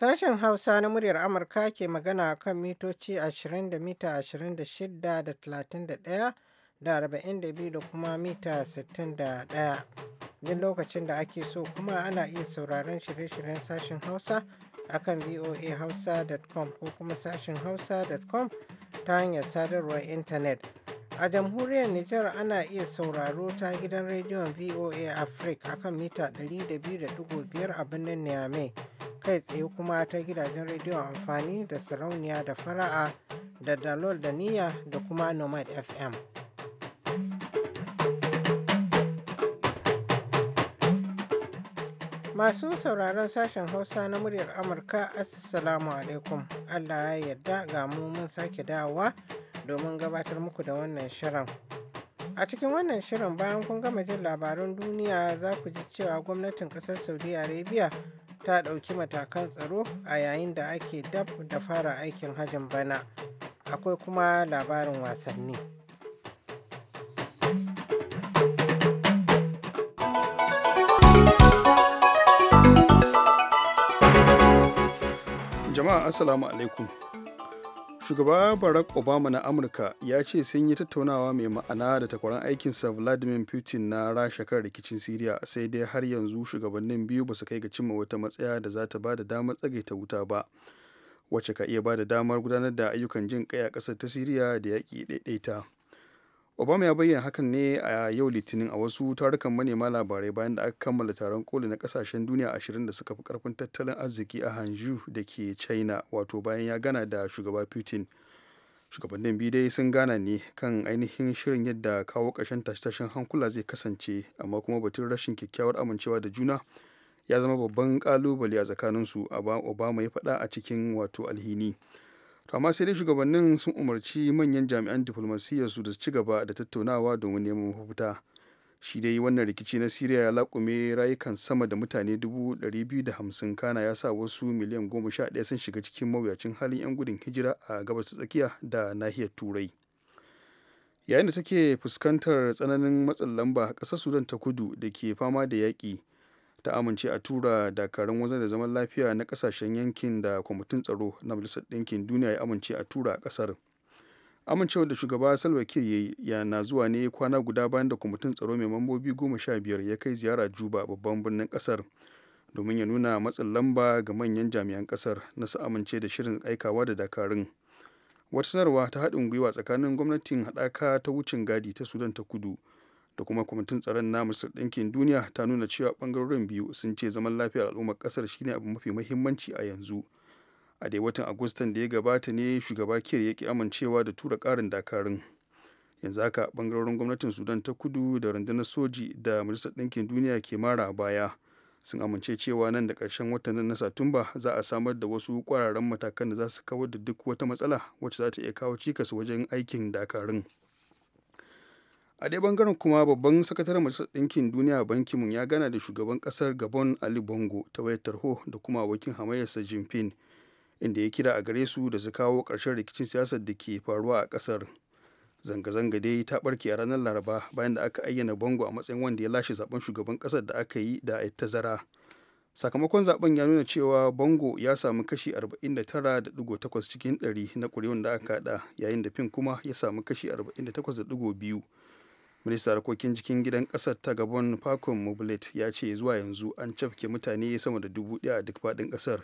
Sashen Hausa na muryar Amurka ke magana kan mitoci 20 da mita 26 da 31 da 42 da kuma mita 61. Duk lokacin da ake so kuma ana iya sauraron shirye-shiryen sashen Hausa akan voahausa.com ko kuma sashen hausa.com ta hanyar sadarwar intanet. A jamhuriyar Nijar ana iya sauraro ta gidan rediyon VOA Africa akan mita 102.5 a birnin Niamey. kai tsaye kuma ta gidajen rediyon amfani da sarauniya da fara'a da dalol da niyya da kuma nomad fm masu sauraron sashen hausa na muryar amurka assalamu alaikum allah ya yarda ga mu mun sake dawowa domin gabatar muku da wannan shirin a cikin wannan shirin bayan kun gama jin labarun duniya za ku ji cewa gwamnatin kasar saudi arabia ta ɗauki matakan tsaro a yayin da ake dab da fara aikin hajin bana akwai kuma labarin wasanni jama'a assalamu alaikum shugaba barack obama na amurka ya ce sun yi tattaunawa mai ma'ana da takwaran aikinsa vladimir putin na rasha kan rikicin siriya sai dai har yanzu shugabannin biyu ba su kai ga cimma wata matsaya da za ta ba da damar tsagaita wuta ba wacce ka iya ba da damar gudanar da ayyukan jin kai a ƙasar ta siriya da yaƙi ɗaiɗaita obama ya bayyana hakan ne a yau litinin a wasu tarukan manema labarai bayan da aka kammala taron koli na kasashen duniya ashirin da suka fi karfin tattalin arziki a hanju da ke china wato bayan ya gana da shugaba putin shugabannin biyu dai sun gana ne kan ainihin shirin yadda kawo ƙarshen tashe-tashen hankula zai kasance amma kuma batun rashin kyakkyawar amincewa da juna ya zama babban kalubale a tsakaninsu obama ya faɗa a cikin wato alhini to amma sai dai shugabannin sun umarci manyan jami'an diflomasiyyar su da ci gaba da tattaunawa domin neman mafita shi dai wannan rikici na siriya ya laƙume rayukan sama da mutane 250 kana ya sa wasu miliyan 11 sun shiga cikin mawuyacin halin 'yan gudun hijira a gabas ta tsakiya da nahiyar turai yayin da take fuskantar tsananin matsin lamba ƙasar sudan ta kudu da ke fama da yaƙi ta amince a tura dakarun wanzar da zaman lafiya na kasashen yankin da kwamitin tsaro na majalisar ɗinkin duniya ya amince a tura a kasar. amincewa da shugaba salwa kiir ya yana zuwa ne kwana guda bayan da kwamitin tsaro mai mambobi goma sha biyar ya kai ziyara juba babban birnin ƙasar domin ya nuna matsin lamba ga manyan jami'an ƙasar na su amince da shirin aikawa da dakarun wata sanarwa ta haɗin gwiwa tsakanin gwamnatin haɗaka ta wucin gadi ta sudan ta kudu da kuma kwamitin tsaron na majalisar ɗinkin duniya ta nuna cewa ɓangarorin biyu sun ce zaman lafiyar al'ummar ƙasar shine abu mafi mahimmanci a yanzu a dai watan agustan da ya gabata ne shugaba kiyar ya ki amincewa da tura ƙarin dakarun yanzu haka ɓangarorin gwamnatin sudan ta kudu da rundunar soji da majalisar ɗinkin duniya ke mara baya sun amince cewa nan da ƙarshen watan nan na satumba za a samar da wasu ƙwararren matakan da za su kawar da duk wata matsala wacce za ta iya kawo cikas wajen aikin dakarun. a dai bangaren kuma babban sakataren majalisar ɗinkin duniya bankin mun ya gana da shugaban ƙasar gabon ali bongo ta wayar tarho da kuma abokin hamayyarsa jinfin inda ya kira a gare su da su kawo ƙarshen rikicin siyasar da ke faruwa a ƙasar zanga-zanga dai ta ɓarke a ranar laraba bayan da aka ayyana bongo a matsayin wanda ya lashe zaben shugaban ƙasar da aka yi da tazara sakamakon zaben ya nuna cewa bongo ya samu kashi 49.8 cikin 100 na ƙuri'un da aka haɗa yayin da fin kuma ya samu kashi 48.2 ministan harkokin jikin gidan kasar ta gabon fakon mobilet ya ce zuwa yanzu an cafke mutane sama da dubu daya a duk faɗin kasar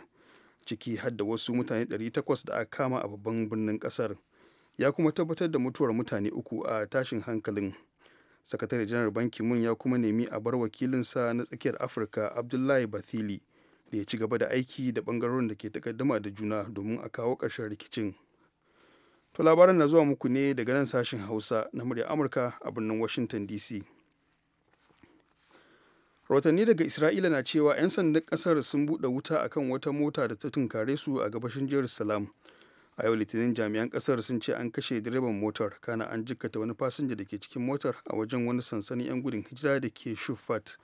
ciki har da wasu mutane 800 da aka kama a babban birnin kasar ya kuma tabbatar da mutuwar mutane uku a tashin hankalin sakatare janar banki mun ya kuma nemi a bar wakilinsa na tsakiyar afirka abdullahi bathili da ya ci gaba da aiki da bangarorin da ke takaddama da juna domin a kawo ƙarshen rikicin To labaran na zuwa muku ne daga nan sashen Hausa na murya Amurka a birnin Washington DC. Rahotanni daga Isra'ila na cewa 'yan sandan kasar sun buɗe wuta a kan wata mota da ta tunkare su a gabashin jihar salam A yau Litinin jami'an kasar sun ce an kashe direban motar kana an jikkata wani fasinja da ke cikin motar a wajen wani sansanin 'yan gudun hijira da ke Shufat.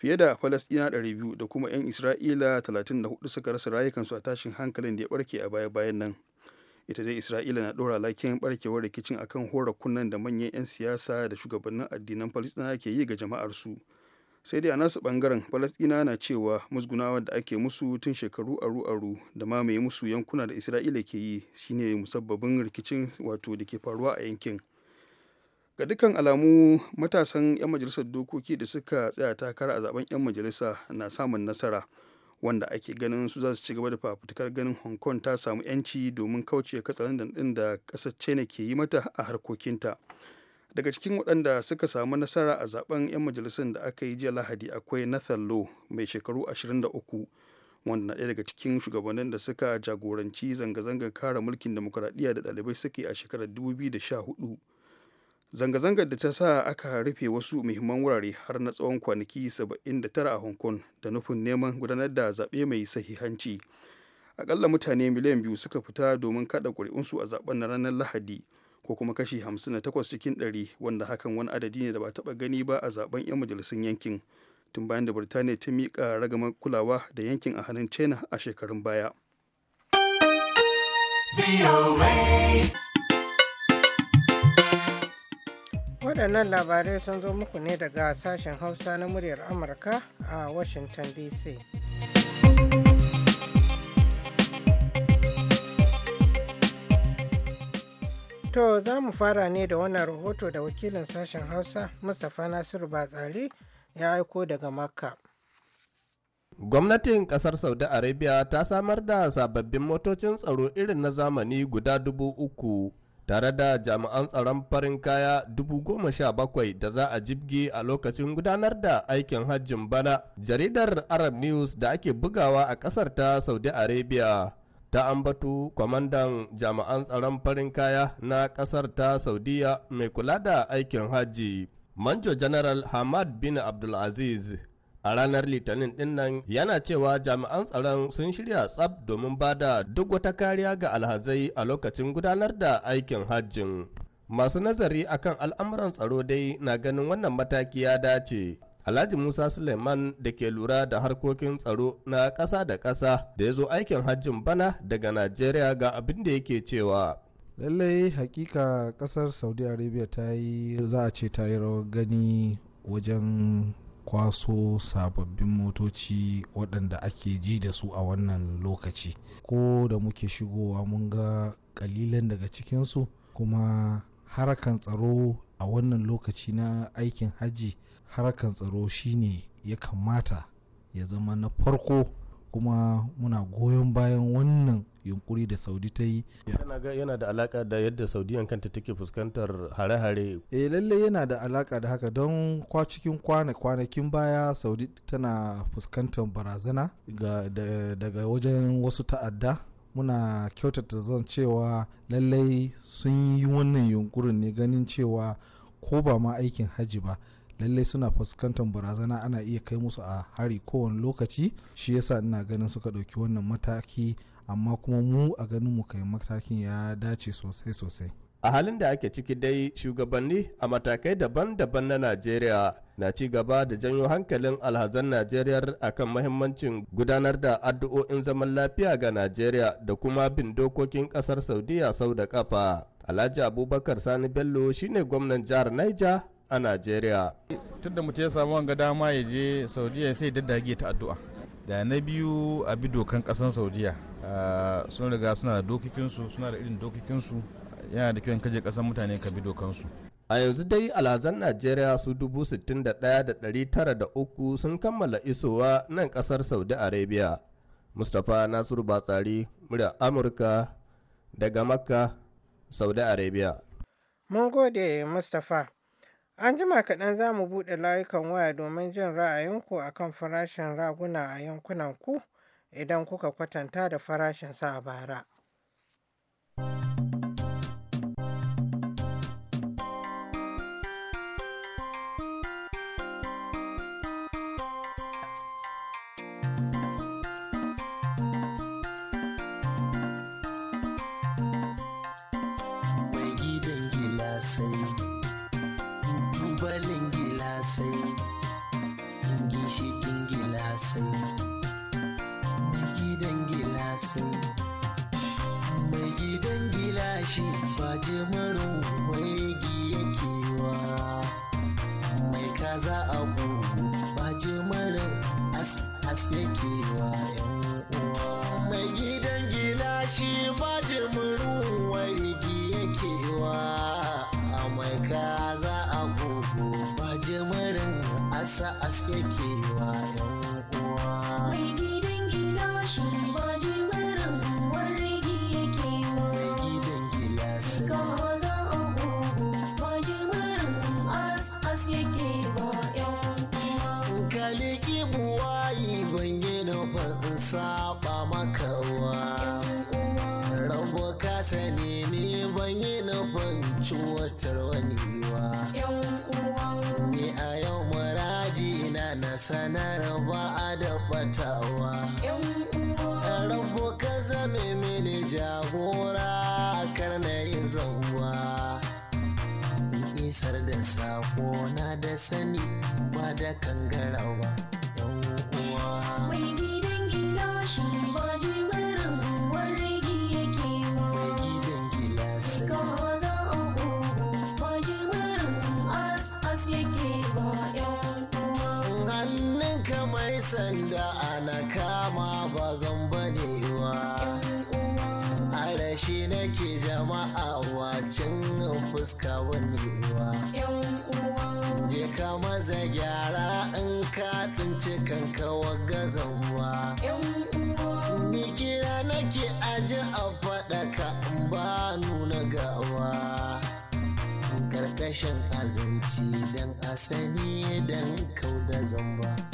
Fiye da Falasɗina 200 da kuma 'yan Isra'ila 34 suka rasa rayukansu a tashin hankalin da ya barke a baya-bayan nan. ita dai isra'ila na ɗora lakin barkewar rikicin akan hora kunnan da manyan 'yan siyasa da shugabannin addinan palestina ke yi ga jama'arsu sai dai a nasu bangaren palestina na cewa musgunawa da ake musu tun shekaru aru aru da mamaye musu yankuna da isra'ila ke yi shine musabbabin rikicin wato da ke faruwa a yankin ga dukkan alamu matasan 'yan majalisar dokoki da suka tsaya takara a zaben 'yan majalisa na samun nasara wanda ake ganin su za su ci gaba da fafutukar ganin hong kong ta samu 'yanci domin kauce katsalandan ɗin da kasar china ke yi mata a harkokinta daga cikin waɗanda suka samu nasara a zaben 'yan majalisar da aka yi jiya lahadi akwai nathan low mai shekaru 23 wanda na ɗaya daga cikin shugabannin da suka jagoranci zanga-zangar kare mulkin demokuraɗiyya da ɗalibai suke a shekarar 2014 zanga-zangar da ta sa aka rufe wasu muhimman wurare har na tsawon kwanaki 79 a hong kong da nufin neman gudanar da zaɓe mai sahihanci akalla mutane miliyan biyu suka fita domin kada ƙuri'unsu a zaben na ranar lahadi ko kuma kashi 58 cikin 100 wanda hakan wani adadi ne da ba taɓa gani ba a zaɓen 'yan majalisun yankin tun bayan da birtaniya ta miƙa ragamar kulawa da yankin a hannun china a shekarun baya. waɗannan labarai sun zo muku ne daga sashen hausa na muryar amurka a washington dc to za mu fara ne da wannan rahoto da wakilin sashen hausa mustapha nasiru batsali ya aiko daga makka Gwamnatin kasar Saudi Arabia ta samar da sababbin motocin tsaro irin na zamani guda dubu uku tare da jami'an tsaron farin kaya dubu goma sha bakwai da za a jibge a lokacin gudanar da aikin hajjin bana jaridar arab news da ake bugawa a ƙasar ta saudi arabia ta ambatu kwamandan jami'an tsaron farin kaya na ƙasar ta saudiya mai kula da aikin hajji manjo janaral hamad bin abdulaziz a ranar litinin dinnan yana cewa jami'an tsaron sun shirya tsab domin ba da duk wata kariya ga alhazai a lokacin gudanar da aikin hajjin masu nazari akan al'amuran tsaro dai na ganin wannan mataki ya dace Alhaji Musa Suleiman da ke lura da harkokin tsaro na ƙasa da ƙasa da ya zo aikin hajjin bana daga Najeriya ga abin da yake cewa. Lallai hakika ƙasar Saudi Arabia ta yi za a ce ta yi rawar gani wajen kwaso sababbin motoci waɗanda ake ji da su a wannan lokaci ko da muke shigowa mun ga ƙalilan daga cikinsu kuma harakan tsaro a wannan lokaci na aikin hajji harakan tsaro shine ya kamata ya zama na farko kuma muna goyon bayan wannan yunkuri da saudi ta yi yana da alaka da yadda saudiyan kanta take fuskantar hare-hare e eh, lalle yana da alaka da haka don kwa cikin kwanakin baya saudi tana fuskantar barazana daga wajen wasu ta'adda muna kyautata zan cewa lallai sun yi wannan yunkurin ne ganin cewa ko ba ma aikin hajji ba lallai suna fuskantar barazana ana iya kai musu a hari kowane lokaci shi yasa ina ganin suka ɗauki wannan mataki amma kuma mu a ganin mu kai matakin ya dace sosai sosai a halin da ake ciki dai shugabanni a matakai daban-daban na najeriya na ci gaba da janyo hankalin alhazan najeriya akan mahimmancin gudanar da addu'o'in zaman lafiya ga najeriya da kuma bin dokokin kasar saudiya sau da kafa alhaji abubakar sani bello shine gwamnan jihar niger a Najeriya. Tunda mutum ya samu wanga dama ya je Saudiya sai da dage ta addu'a. Da na biyu a bi dokan kasan Saudiya. Sun riga suna da dokokinsu suna da irin dokokinsu yana da kyau kaje kasan mutane ka bi dokansu. A yanzu dai alhazan Najeriya su dubu sittin da ɗaya da ɗari tara da uku sun kammala isowa nan kasar Saudi Arabia. Mustapha Nasiru Batsari, murya Amurka daga Makka, Saudi Arabia. Mun gode Mustapha. An jima kaɗan za mu buɗe layukan waya domin jin ra'ayinku a kan farashin raguna a yankunanku idan kuka kwatanta da farashinsu a bara. mona da sani ba da kangarawa yan uwa mai gidan gilashi ba jimarin wargi yake wa mai gidan gilashi kawo za a gugu ba jimarin as as yake ba yan uwa hannun ka mai sanda ana kama ba zan wa? da shi nake jama'a wacin fuska wanewa je ka maza gyara in ka tsinci kanka waga gazanwa ni kira nake aji a ka in ba nuna gawa karkashin azanci don asani don kau da zamba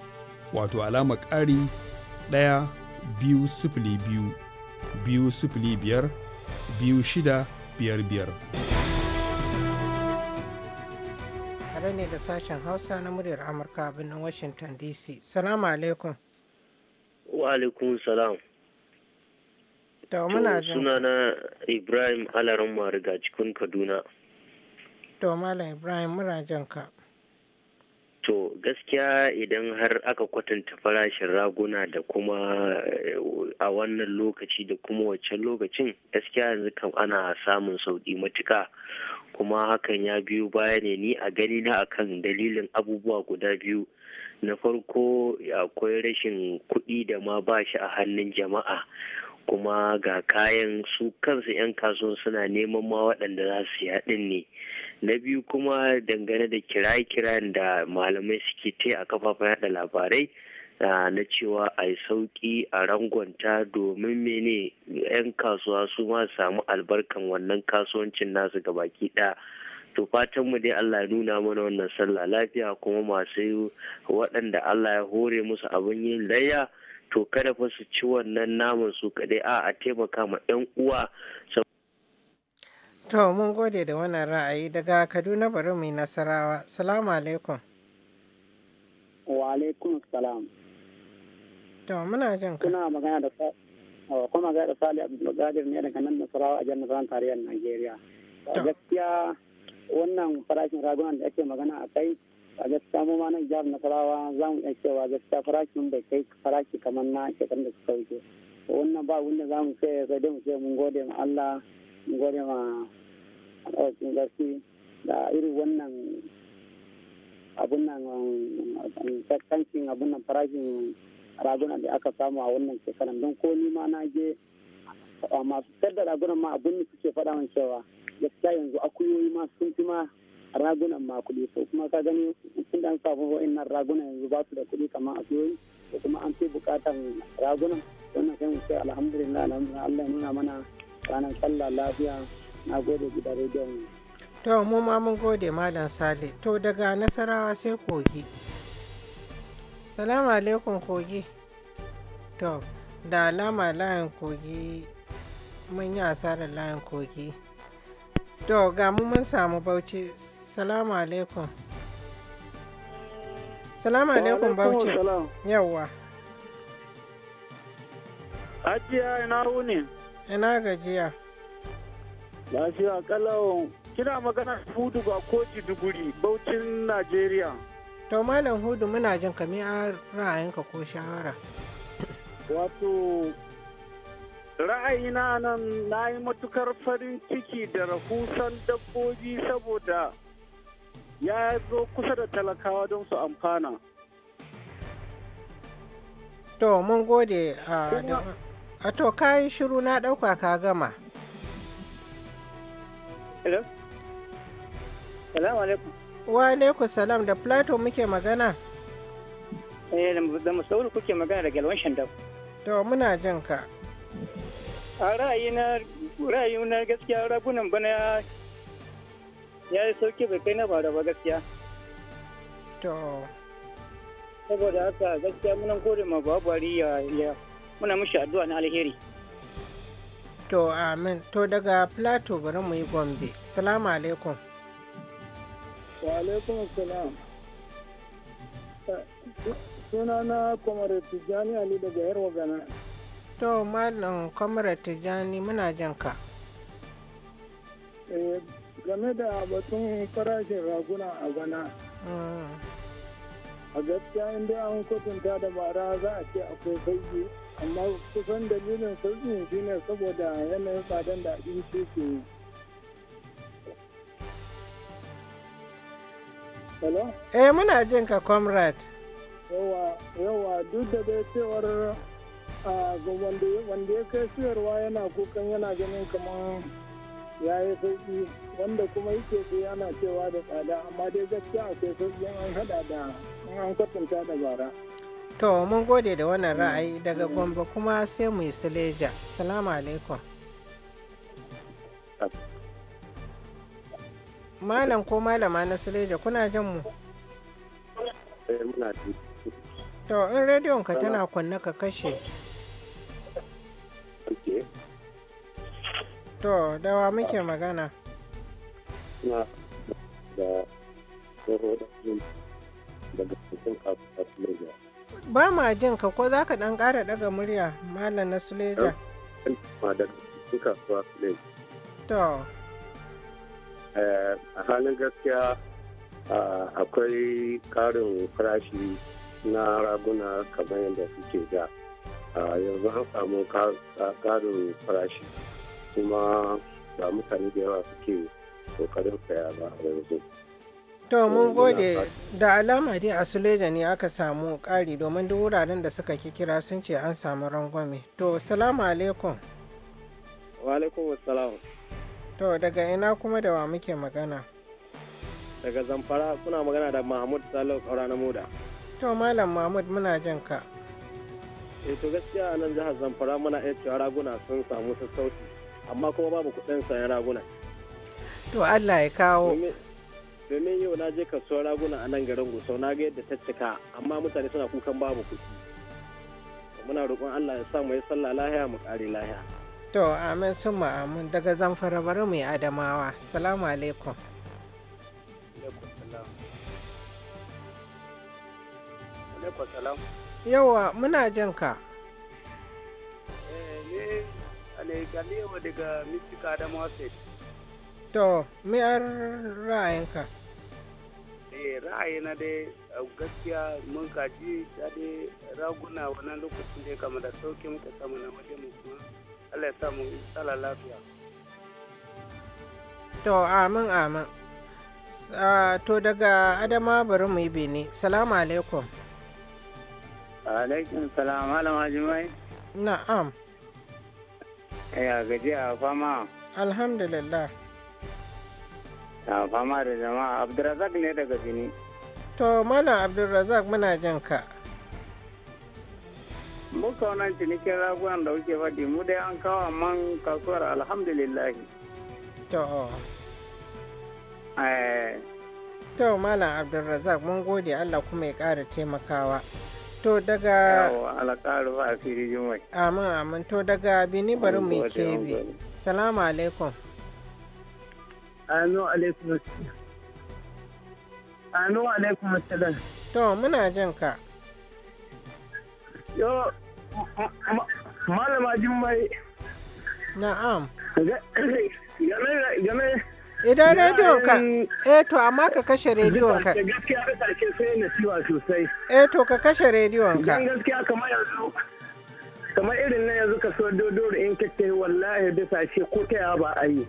wato alama ƙari ɗaya biyu sifili biyu biyu sifili biyar biyu shida biyar biyar. tare ne da sashen hausa na muryar amurka a birnin washington dc salamu alaikum wa alaikum salam ta muna suna na ibrahim alaran mariga cikin kaduna to malam ibrahim muna ka. To gaskiya idan har aka kwatanta farashin raguna da kuma eh, a wannan lokaci da kuma waccan lokacin gaskiya yanzu kam ana samun sauƙi matuka kuma hakan ya biyu baya ne ni a gani na akan dalilin abubuwa guda biyu na farko akwai rashin kuɗi da ma ba shi a hannun jama'a kuma ga kayan su kansu 'yan kasuwan suna neman ma waɗanda za su yaɗin ne na biyu kuma dangane da kirayen da malamai suke ta a kafafen yada labarai na cewa a yi sauƙi a rangonta domin mene 'yan kasuwa su ma samu albarkan wannan kasuwancin nasu ga baki ɗaya to fatan mu dai Allah ya nuna mana wannan sallah lafiya kuma masu waɗanda Allah ya hore musu abin yin layya to kada fa su ci wannan naman su kaɗai a a taimaka ma 'yan uwa To mun gode da wannan ra'ayi daga Kaduna bari mai nasarawa. Salamu alaikum. Wa alaikum salam. To muna jin ka. Kuna magana da oh, kuma ga da Sali Qadir ne daga nan Nasarawa a jihar Nasarar tarayyar Najeriya. Gaskiya wannan farashin ragunan da ake magana a kai a gaskiya mu ma nan jihar Nasarawa za mu iya cewa gaskiya farashin bai kai farashi kamar na shekarun da suka wuce. Wannan ba wanda za mu sai sai dai mu sai mun gode ma Allah mun gode ma kwasin gaske da irin wannan abun nan um, um, kankin abun nan farashin raguna da aka samu a wannan shekaran don ko ni ma na je masu sayar da ragunan ma abun da suke faɗa min cewa gaskiya yanzu akuyoyi ma sun fi ma ragunan ma kuɗi to kuma ka gani tun da an samu wa'annan ragunan yanzu ba su da kuɗi kamar akuyoyi da kuma an fi buƙatan ragunan wannan sai mu ce alhamdulillah alhamdulillah Allah nuna mana ranar sallah lafiya na gode gida rediyon to mu ma mun gode malam sale to daga nasarawa sai kogi salamu alaikum kogi to da alama layin kogi mun yi asarar layin kogi to ga mu mun samu bauchi salamu alaikum salamu alaikum bauchi yawwa ajiya ina wuni ina gajiya Lafiya kalau kina magana hudu ba koci duguri Bauchin Najeriya. To Malam Hudu muna jin ka a ra'ayinka ko shawara. Wato ra'ayina nan na yi matukar farin ciki da rahusan dabbobi saboda ya zo kusa da talakawa don su amfana. To mun gode a to kayi shiru na ɗauka ka gama. Hello? Salamu alaikum. Wa alaikum salam da Plato muke magana. Eh da Musaulu kuke magana da Galwan Shandam. To muna jin ka. A ra'ayina ra'ayina gaskiya ragunan bana ya yi sauki bai kai na ba ba gaskiya. To. Saboda haka gaskiya munan kore ma babari ya muna mishi addu'a na alheri. To amin. To daga Plateau bari mu yi Gombe. Salamu alaikum. Wa alaikum salam. Suna na Kwamar Tijjani Ali daga Yarwa Gana. To Malam Kwamar Tijjani muna jan ka. Eh, game da batun farashin raguna a gana. Mm. A gaskiya inda an kwatanta da bara za a ce akwai sauki amma kusan dalilin sauƙin shi ne saboda yanayin tsadan da abinci ke Hello? Eh muna jin ka comrade. Yawa, yawa duk da dai cewar a wanda ya kai siyarwa yana kukan yana ganin kamar ya yi sauki wanda kuma yake ke yana cewa da tsada amma dai gaskiya akwai sauƙi an hada da an kwatanta da bara. To mun gode da wannan ra'ayi daga Gombe kuma sai mu yi sileja. Salamu alaikum. Malam ko malama na sileja kuna jin mu? Eh, to in rediyon ka tana kunna ka kashe. To dawa muke magana. ba ma jin ka ko zaka dan ɗan ƙara ɗaga murya malam na suleja to eh, a halin gaskiya akwai ƙarin farashi na raguna kamar yadda suke da yanzu an samu ƙarin farashi kuma ba mutane da yawa suke kokarin saya ba yanzu to mun gode da alama dai a suleja ne aka samu kari domin duk wuraren da suka kira sun ce an samu rangwame to salamu alaikum wa alaikum assalam to daga ina kuma da wa muke magana daga zamfara kuna magana da mahmud salo kaura na muda to malam mahmud muna jin ka eh to gaskiya a nan jihar zamfara muna iya cewa raguna sun samu sassauci amma kuma babu kuɗin sayan raguna to allah ya kawo domin yau na je kasuwar raguna a nan garin gusau na ga yadda ta cika amma mutane suna kukan babu kuɗi muna roƙon allah ya sa mu yi sallah lahiya mu ƙare lahiya to amin sun amin daga zamfara bari mu yi adamawa salamu alaikum yawa muna jin ka eh, daga mistika adamawa state To, me ra'ayinka? eh ra'ayina dai gaskiya mun kaji ta dai raguna wannan lokacin da ya kama da sauke muka samu na waje mu kuma Allah ya sa mu tsala lafiya to amin amin to daga adama bari mu yi bene salamu alaikum alaikum salam malama jimai na'am ya gajiya fama alhamdulillah fama da jama'a abdulrazak ne daga jini to mana abdulrazak muna jin ka muka wannan cinikin raguwan da kuke faɗi mu dai an kawo man kasuwar alhamdulillah to eh. to malam abdulrazak mun gode allah kuma ya ƙara taimakawa to daga alƙaru a fili jimai amin amin to daga bini bari mu kebe salamu alaikum Anu alaikum Anu alaikum To muna jin ka. Yo malama jin mai. Na'am. Game Idan rediyon ka, eh to amma ka kashe rediyon ka. Gaskiya ka sake sai na nasiwa sosai. Eh to ka kashe rediyon ka. Gaskiya kamar yanzu kamar irin na yanzu ka so dodo in kake wallahi da sashe ko ta ba a yi.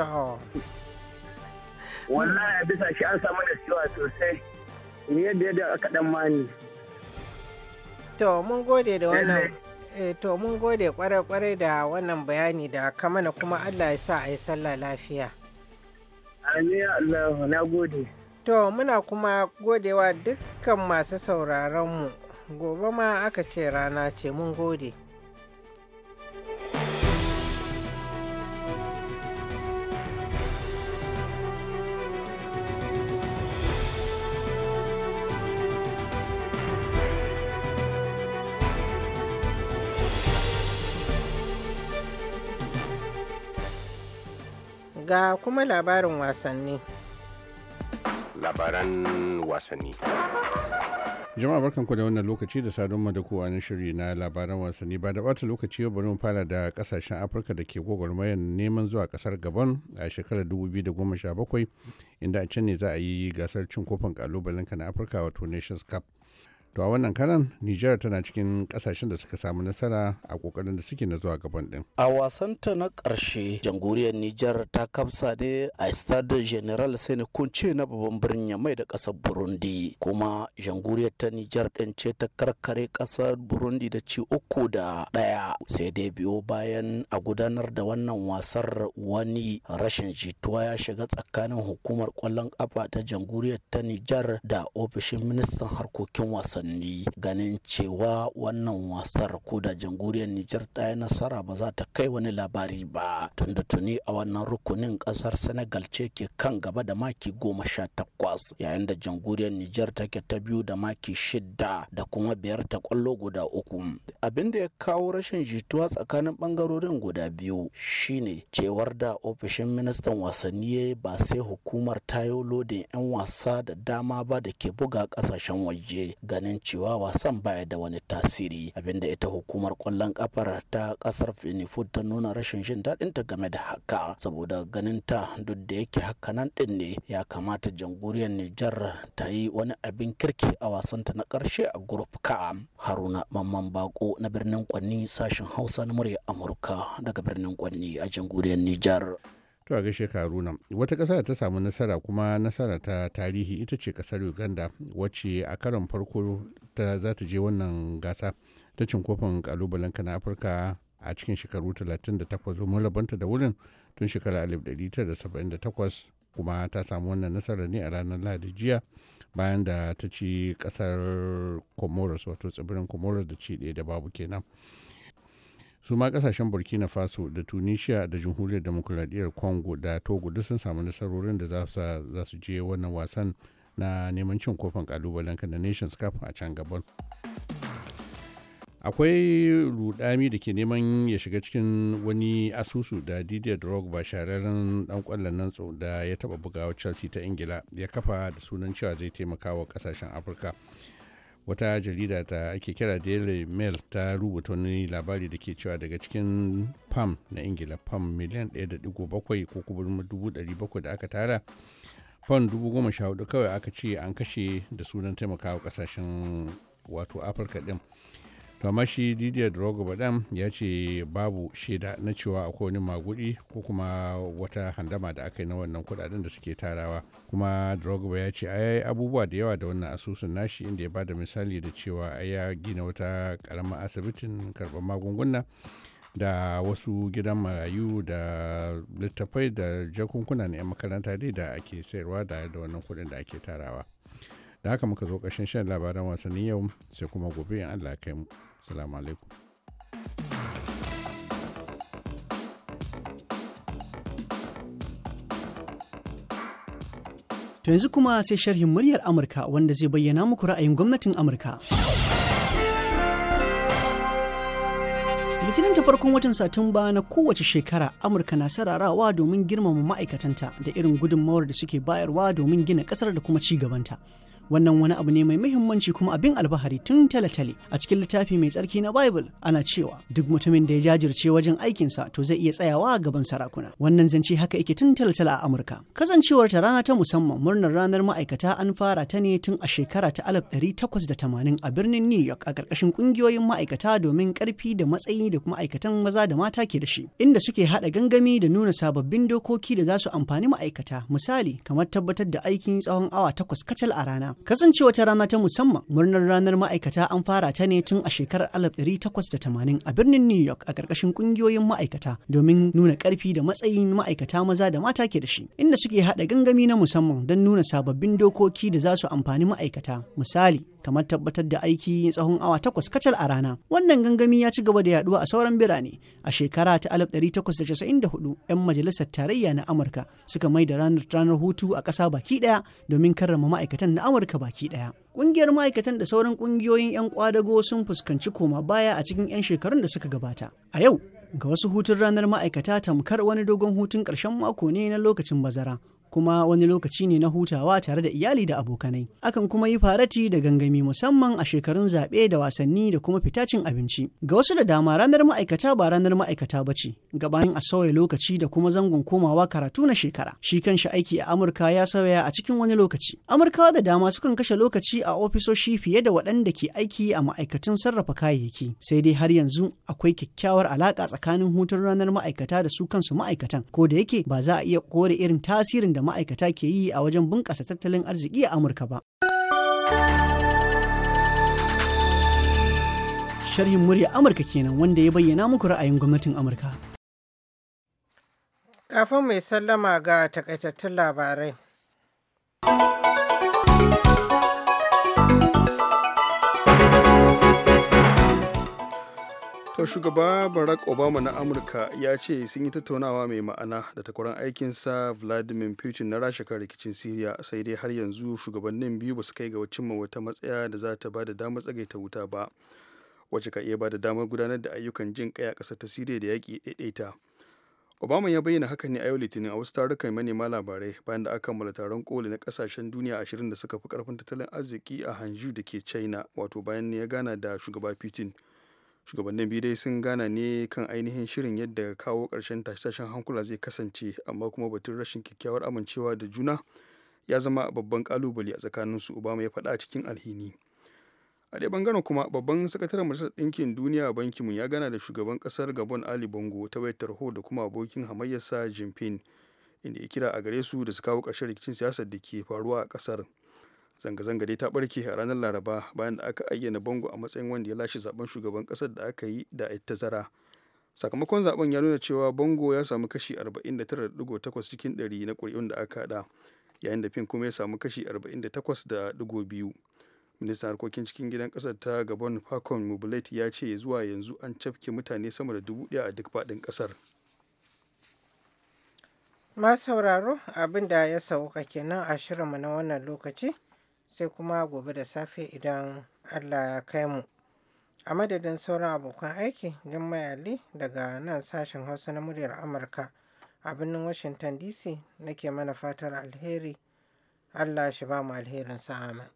to wallahi a bisa shi an samu da cewa sosai Ni yadda yadda aka dan mani to mun gode da wannan eh, to mun gode kwarai-kwarai da wannan bayani da kamana kuma Allah ya sa a yi sallah lafiya. Amin Allah na gode. To muna kuma godewa dukkan masu sauraronmu gobe ma aka ce rana ce mun gode. Ga kuma labarin wasanni. Labaran wasanni. jama'a barkanku da wannan lokaci da sadon da kowa na shiri na labaran wasanni ba da bata lokaci yau bari mu fara da kasashen afirka da ke gwagwarmayar neman zuwa kasar gabon a shekarar 2017 inda a can ne za a yi gasar cin kofin kalubalen na afirka wato nations cup to a wannan karan nijar tana cikin kasashen da suka samu nasara a kokarin da suke na zuwa gaban din a wasan ta na karshe jamhuriyar nijar ta kamsa ne a stade general sani kunce na babban birnin mai da kasar burundi kuma jamhuriyar ta nijar din ce ta karkare kasar burundi da ci uku da daya sai dai biyo bayan a gudanar da wannan wasar wani rashin jituwa ya shiga tsakanin hukumar kwallon kafa ta jamhuriyar ta nijar da ofishin ministan harkokin wasan. wasanni ganin cewa wannan wasar ko da jamhuriyar Nijar ta yi nasara ba za ta kai wani labari ba tunda tuni a wannan rukunin kasar Senegal ce ke kan gaba da maki goma sha takwas yayin da jamhuriyar Nijar take ta biyu da maki shidda da kuma biyar ta kwallo guda uku abin da ya kawo rashin jituwa tsakanin bangarorin guda biyu shine cewar da ofishin ministan wasanni ya ba sai hukumar tayo lodin 'yan wasa da dama ba da ke buga kasashen waje ganin ganin cewa wasan baya da wani tasiri abinda ita hukumar kwallon kafar ta kasar Fenifud ta nuna rashin jin daɗin ta game da haka saboda ganin ta duk da yake haka nan din ne ya kamata jamhuriyar Nijar ta yi wani abin kirki a wasanta na karshe a Group ka Haruna Mamman Bako na birnin Kwanni sashen Hausa na murya Amurka daga birnin Kwanni a jamhuriyar Nijar. To a gaishe Karuna. Wata ƙasa da ta samu nasara kuma nasara ta tarihi ita ce ƙasar Uganda wacce a karon farko ta za ta je wannan gasa ta cin kofin kalubalen na Afirka a cikin shekaru 38 mun rabanta da wurin tun shekara 1978 kuma ta samu wannan nasara ne a ranar Lahadi jiya bayan da ta ci ƙasar Comoros wato tsibirin Comoros da ci ɗaya da babu kenan. su ma kasashen burkina faso da tunisia da jamhuriyar demokuraɗiyyar congo da togo duk sun samu nasarorin da za su je wannan wasan na neman cin kofin kalubalen kan nations cup a can gabon. akwai rudami da ke neman ya shiga cikin wani asusu da didier drogba shahararren dan kwallon nan da ya taba bugawa chelsea ta ingila ya kafa da sunan cewa zai taimaka wa kasashen afirka wata jarida ta ake kira daily mail ta rubuta wani labari da ke cewa daga cikin pam na ingila pam miliyan 1.7 ko kuma 700,000 da aka tara fan 14,000 kawai aka ce an kashe da sunan taimakawa kasashen wato afirka din Tomashi Didier Drogba ɗan ya ce babu shaida na cewa akwai wani magudi ko kuma wata handama da aka yi na wannan kudaden da suke tarawa. Kuma Drogba ya ce ai abubuwa da yawa da wannan asusun nashi inda ya bada misali da cewa ya gina wata karamar asibitin karɓar magunguna da wasu gidan marayu da littafai da jakunkuna na 'yan makaranta dai da ake sayarwa da wannan kuɗin da ake tarawa. da haka muka zo kashin shan labaran wasannin yau sai kuma gobe in Allah kai mu. Assalamu alaikum. To yanzu kuma sai sharhin muryar Amurka wanda zai bayyana muku ra'ayin gwamnatin Amurka. Litinin ta farkon watan Satumba na kowace shekara Amurka na sararawa domin girmama ma'aikatanta da irin gudunmawar da suke bayarwa domin gina ƙasar da kuma ci gabanta. wannan wani abu ne mai muhimmanci kuma abin albahari tun tale a cikin littafi mai tsarki na bible ana cewa duk mutumin da ya jajirce wajen aikinsa to zai iya tsayawa gaban sarakuna wannan zance haka yake tun tale a amurka kasancewar ta rana ta musamman murnar ranar ma'aikata an fara ta ne tun a shekara ta ɗari takwas da tamanin a birnin new york a ƙarƙashin ƙungiyoyin ma'aikata domin ƙarfi da matsayi da kuma aikatan maza da mata ke da shi inda suke haɗa gangami da nuna sababbin dokoki da za su amfani ma'aikata misali kamar tabbatar da aikin tsawon awa takwas kacal a rana Kasancewa ta rana ta musamman murnar ranar ma'aikata an fara ta ne tun a shekarar 1880 a birnin New York a ƙarƙashin ƙungiyoyin ma'aikata domin nuna ƙarfi da matsayin ma'aikata maza da mata ke da shi, inda suke haɗa gangami na musamman don nuna sababbin dokoki da za su amfani ma'aikata. Misali, kamar tabbatar da aiki tsawon awa takwas kacal a rana. Wannan gangami ya ci gaba da yaduwa a sauran birane. A shekara ta 1894 'yan majalisar tarayya na Amurka suka mai da ranar ranar hutu a ƙasa baki ɗaya domin karrama ma'aikatan na Amurka baki ɗaya. Ƙungiyar ma'aikatan da sauran ƙungiyoyin 'yan kwadago sun fuskanci koma baya a cikin 'yan shekarun da suka gabata. A yau, ga wasu hutun ranar ma'aikata tamkar wani dogon hutun ƙarshen mako ne na lokacin bazara kuma wani lokaci ne na hutawa tare da iyali da abokanai. Akan kuma yi farati da gangami musamman a shekarun zaɓe da wasanni da kuma fitacin abinci. Ga wasu da dama ranar ma'aikata ba ranar ma'aikata ba ce, gabanin a sauya lokaci da kuma zangon komawa karatu na shekara. Shi kanshi aiki a Amurka ya sauya a cikin wani lokaci. Amurkawa da dama sukan kashe lokaci a ofisoshi fiye da waɗanda ke aiki a ma'aikatun sarrafa kayayyaki. Sai dai har yanzu akwai kyakkyawar alaƙa tsakanin hutun ranar ma'aikata da su kansu ma'aikatan, ko da yake ba za a iya kore irin tasirin da da ma'aikata ke yi a wajen bunƙasa tattalin arziki a Amurka ba. Sharhin murya Amurka kenan wanda ya bayyana muku ra'ayin gwamnatin Amurka. Kafin mai sallama ga takaitattun labarai. to shugaba barack obama na amurka ya ce sun yi tattaunawa mai ma'ana da takwaran aikinsa vladimir putin na rasha kan rikicin siriya sai dai har yanzu shugabannin biyu ba su kai ga ma wata matsaya da za ta ba da damar tsagaita wuta ba wacce ka iya ba da damar gudanar da ayyukan jin kai a ƙasar ta siriya da yaƙi ɗaiɗaita obama ya bayyana hakan ne a yau litinin a wasu tarukan manema labarai bayan da aka kammala taron koli na kasashen duniya ashirin da suka fi karfin tattalin arziki a hanju da ke china wato bayan ne ya gana da shugaba putin shugabannin biyu dai sun gana ne kan ainihin shirin yadda kawo karshen tashe-tashen hankula zai kasance amma kuma batun rashin kyakkyawar amincewa da juna ya zama babban kalubale a tsakaninsu obama ya faɗa cikin alhini a dai bangaren kuma babban sakataren majalisar ɗinkin duniya a bankin mu ya gana da shugaban ƙasar gabon ali bongo ta wayar tarho da kuma abokin hamayyarsa jinping inda ya kira a gare su da su kawo ƙarshen rikicin siyasar da ke faruwa a ƙasar zanga-zanga dai ta barke a ranar laraba bayan da aka ayyana bango a matsayin wanda ya lashe zaben shugaban kasar da aka yi da tazara sakamakon zaben ya nuna cewa bango ya samu kashi 49.8 cikin 100 na kuri'un da aka haɗa yayin da fin kuma ya samu kashi 48.2 ministan harkokin cikin gidan kasar ta gabon falcon mobilet ya ce zuwa yanzu an cafke mutane sama da dubu daya a duk faɗin kasar. masu sauraro abin da ya sauka kenan a shirinmu na wannan lokaci sai kuma gobe da safe idan Allah ya kai mu. A madadin sauran abokan aiki, Jummai Ali daga nan sashen Hausa na muryar Amurka a birnin Washington DC nake mana fatar alheri. Allah shi ba mu alherin sa'amin.